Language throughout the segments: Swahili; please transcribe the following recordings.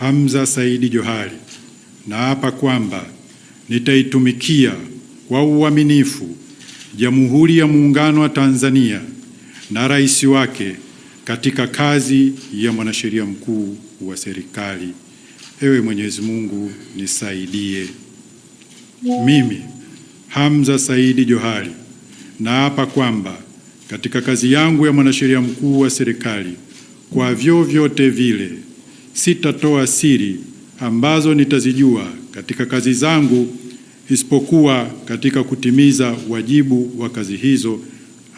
Hamza Saidi Johari, naapa kwamba nitaitumikia kwa uaminifu Jamhuri ya Muungano wa Tanzania na rais wake katika kazi ya mwanasheria mkuu wa serikali. Ewe Mwenyezi Mungu nisaidie. Mimi Hamza Saidi Johari naapa kwamba katika kazi yangu ya mwanasheria mkuu wa serikali kwa vyovyote vile sitatoa siri ambazo nitazijua katika kazi zangu isipokuwa katika kutimiza wajibu wa kazi hizo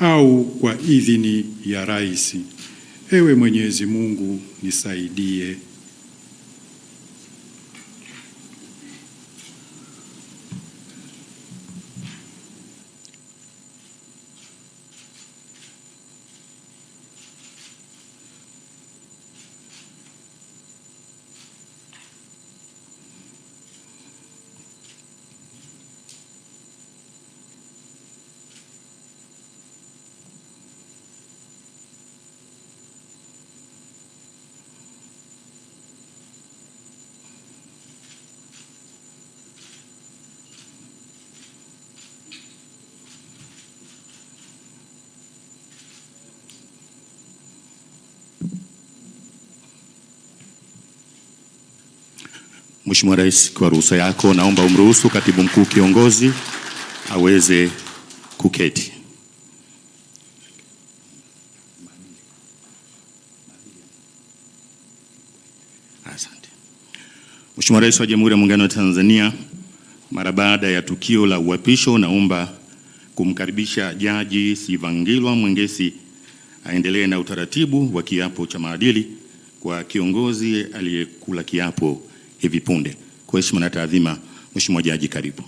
au kwa idhini ya rais. Ewe Mwenyezi Mungu nisaidie. Mheshimiwa Rais, kwa ruhusa yako naomba umruhusu Katibu Mkuu Kiongozi aweze kuketi. Asante. Mheshimiwa Rais wa Jamhuri ya Muungano wa Tanzania, mara baada ya tukio la uapisho, naomba kumkaribisha Jaji Sivangilwa Mwengesi aendelee na utaratibu wa kiapo cha maadili kwa kiongozi aliyekula kiapo hivi punde. Kwa heshima na taadhima, Mheshimiwa Jaji, karibu.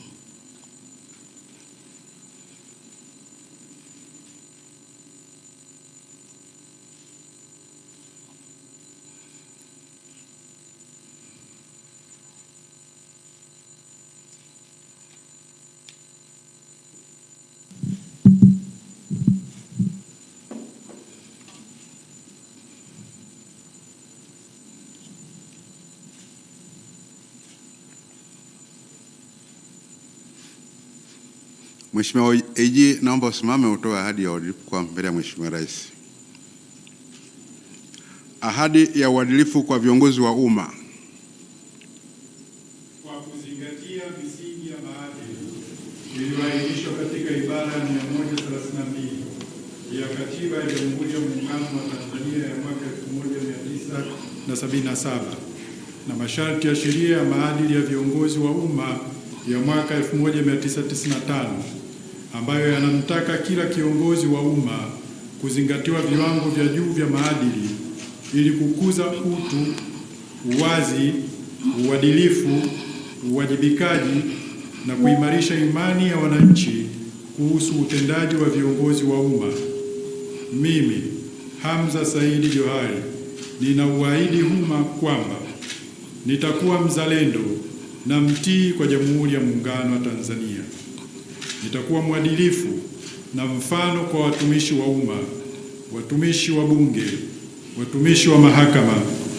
Mheshimiwa AG, naomba usimame utoe ahadi ya uadilifu kwa mbele ya Mheshimiwa Rais. Ahadi ya uadilifu kwa viongozi wa umma kwa kuzingatia misingi ya maadili iliyoainishwa katika ibara ya 132 ya Katiba ya Jamhuri ya Muungano wa Tanzania ya mwaka 1977 na masharti ya sheria ya maadili ya viongozi wa umma ya mwaka 1995 ambayo yanamtaka kila kiongozi wa umma kuzingatiwa viwango vya juu vya maadili ili kukuza utu, uwazi, uadilifu, uwajibikaji na kuimarisha imani ya wananchi kuhusu utendaji wa viongozi wa umma. Mimi Hamza Saidi Johari nina uahidi umma kwamba nitakuwa mzalendo na mtii kwa Jamhuri ya Muungano wa Tanzania. Nitakuwa mwadilifu na mfano kwa watumishi wa umma, watumishi wa bunge, watumishi wa mahakama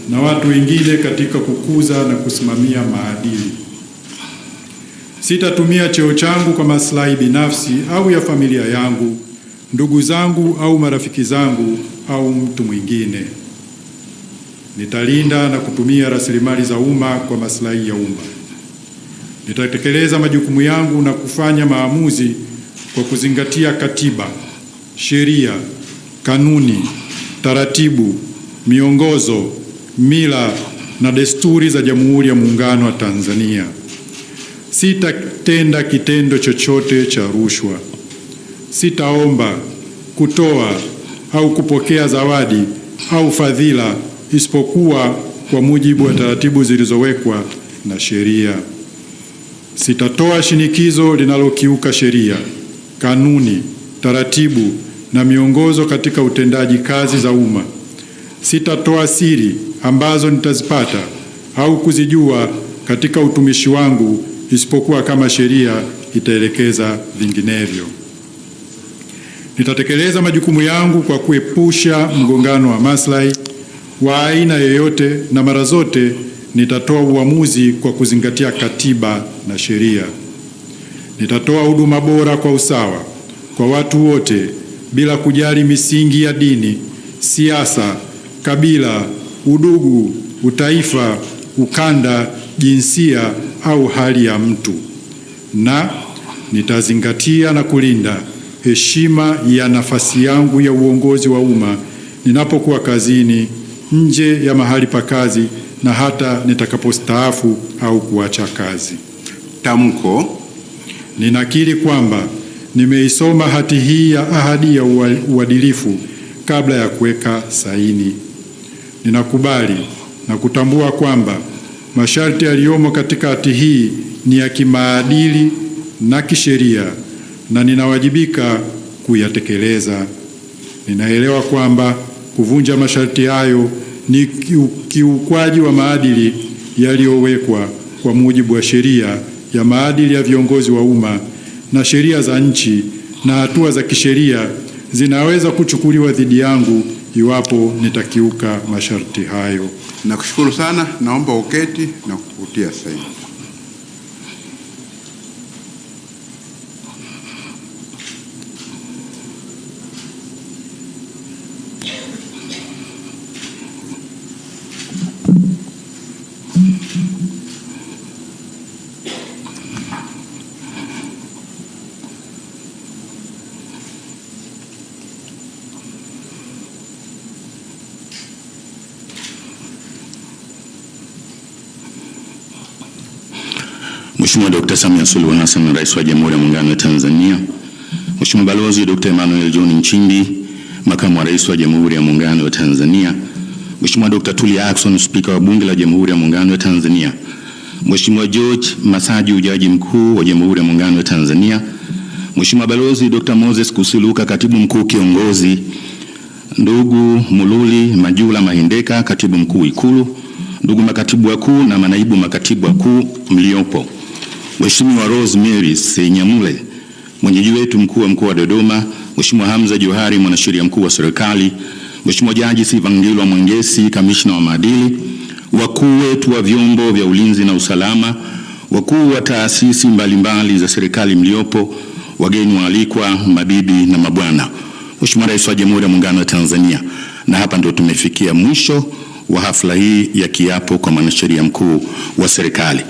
na watu wengine katika kukuza na kusimamia maadili. Sitatumia cheo changu kwa maslahi binafsi au ya familia yangu, ndugu zangu au marafiki zangu au mtu mwingine. Nitalinda na kutumia rasilimali za umma kwa maslahi ya umma. Nitatekeleza majukumu yangu na kufanya maamuzi kwa kuzingatia katiba, sheria, kanuni, taratibu, miongozo, mila na desturi za Jamhuri ya Muungano wa Tanzania. Sitatenda kitendo chochote cha rushwa. Sitaomba, kutoa au kupokea zawadi au fadhila isipokuwa kwa mujibu wa taratibu zilizowekwa na sheria. Sitatoa shinikizo linalokiuka sheria, kanuni, taratibu na miongozo katika utendaji kazi za umma. Sitatoa siri ambazo nitazipata au kuzijua katika utumishi wangu isipokuwa kama sheria itaelekeza vinginevyo. Nitatekeleza majukumu yangu kwa kuepusha mgongano wa maslahi wa aina yoyote na mara zote Nitatoa uamuzi kwa kuzingatia katiba na sheria. Nitatoa huduma bora kwa usawa kwa watu wote bila kujali misingi ya dini, siasa, kabila, udugu, utaifa, ukanda, jinsia au hali ya mtu, na nitazingatia na kulinda heshima ya nafasi yangu ya uongozi wa umma ninapokuwa kazini, nje ya mahali pa kazi na hata nitakapostaafu au kuacha kazi. Tamko: ninakiri kwamba nimeisoma hati hii ya ahadi ya uadilifu kabla ya kuweka saini. Ninakubali na kutambua kwamba masharti yaliyomo katika hati hii ni ya kimaadili na kisheria na ninawajibika kuyatekeleza. Ninaelewa kwamba kuvunja masharti hayo ni kiukwaji wa maadili yaliyowekwa kwa mujibu wa sheria ya maadili ya viongozi wa umma na sheria za nchi, na hatua za kisheria zinaweza kuchukuliwa dhidi yangu iwapo nitakiuka masharti hayo. Nakushukuru sana, naomba uketi na kukutia saini. Mheshimiwa Dkt. Samia Suluhu Hassan, Rais wa Jamhuri ya Muungano wa Tanzania, Mheshimiwa Balozi Dkt. Emmanuel John Nchimbi, Makamu wa Rais wa Jamhuri ya Muungano wa Tanzania Mheshimiwa Dr. Tulia Ackson, Spika wa Bunge la Jamhuri ya Muungano wa Tanzania, Mheshimiwa George Masaju, Jaji Mkuu wa Jamhuri ya Muungano wa Tanzania, Mheshimiwa Balozi Dr. Moses Kusiluka, Katibu Mkuu Kiongozi, ndugu Mululi Majula Mahindeka, Katibu Mkuu Ikulu, ndugu makatibu wakuu na manaibu makatibu wakuu mliopo, Mheshimiwa Rose Mary Senyamule, mwenyeji wetu mkuu wa mkoa wa Dodoma, Mheshimiwa Hamza Johari, mwanasheria mkuu wa serikali Mheshimiwa Jaji Sivangilwa Mwengesi, kamishna wa maadili, wakuu wetu wa vyombo vya ulinzi na usalama, wakuu wa taasisi mbalimbali za serikali mliopo, wageni waalikwa, mabibi na mabwana, Mheshimiwa Rais wa Jamhuri ya Muungano wa Tanzania, na hapa ndio tumefikia mwisho wa hafla hii ya kiapo kwa mwanasheria mkuu wa serikali.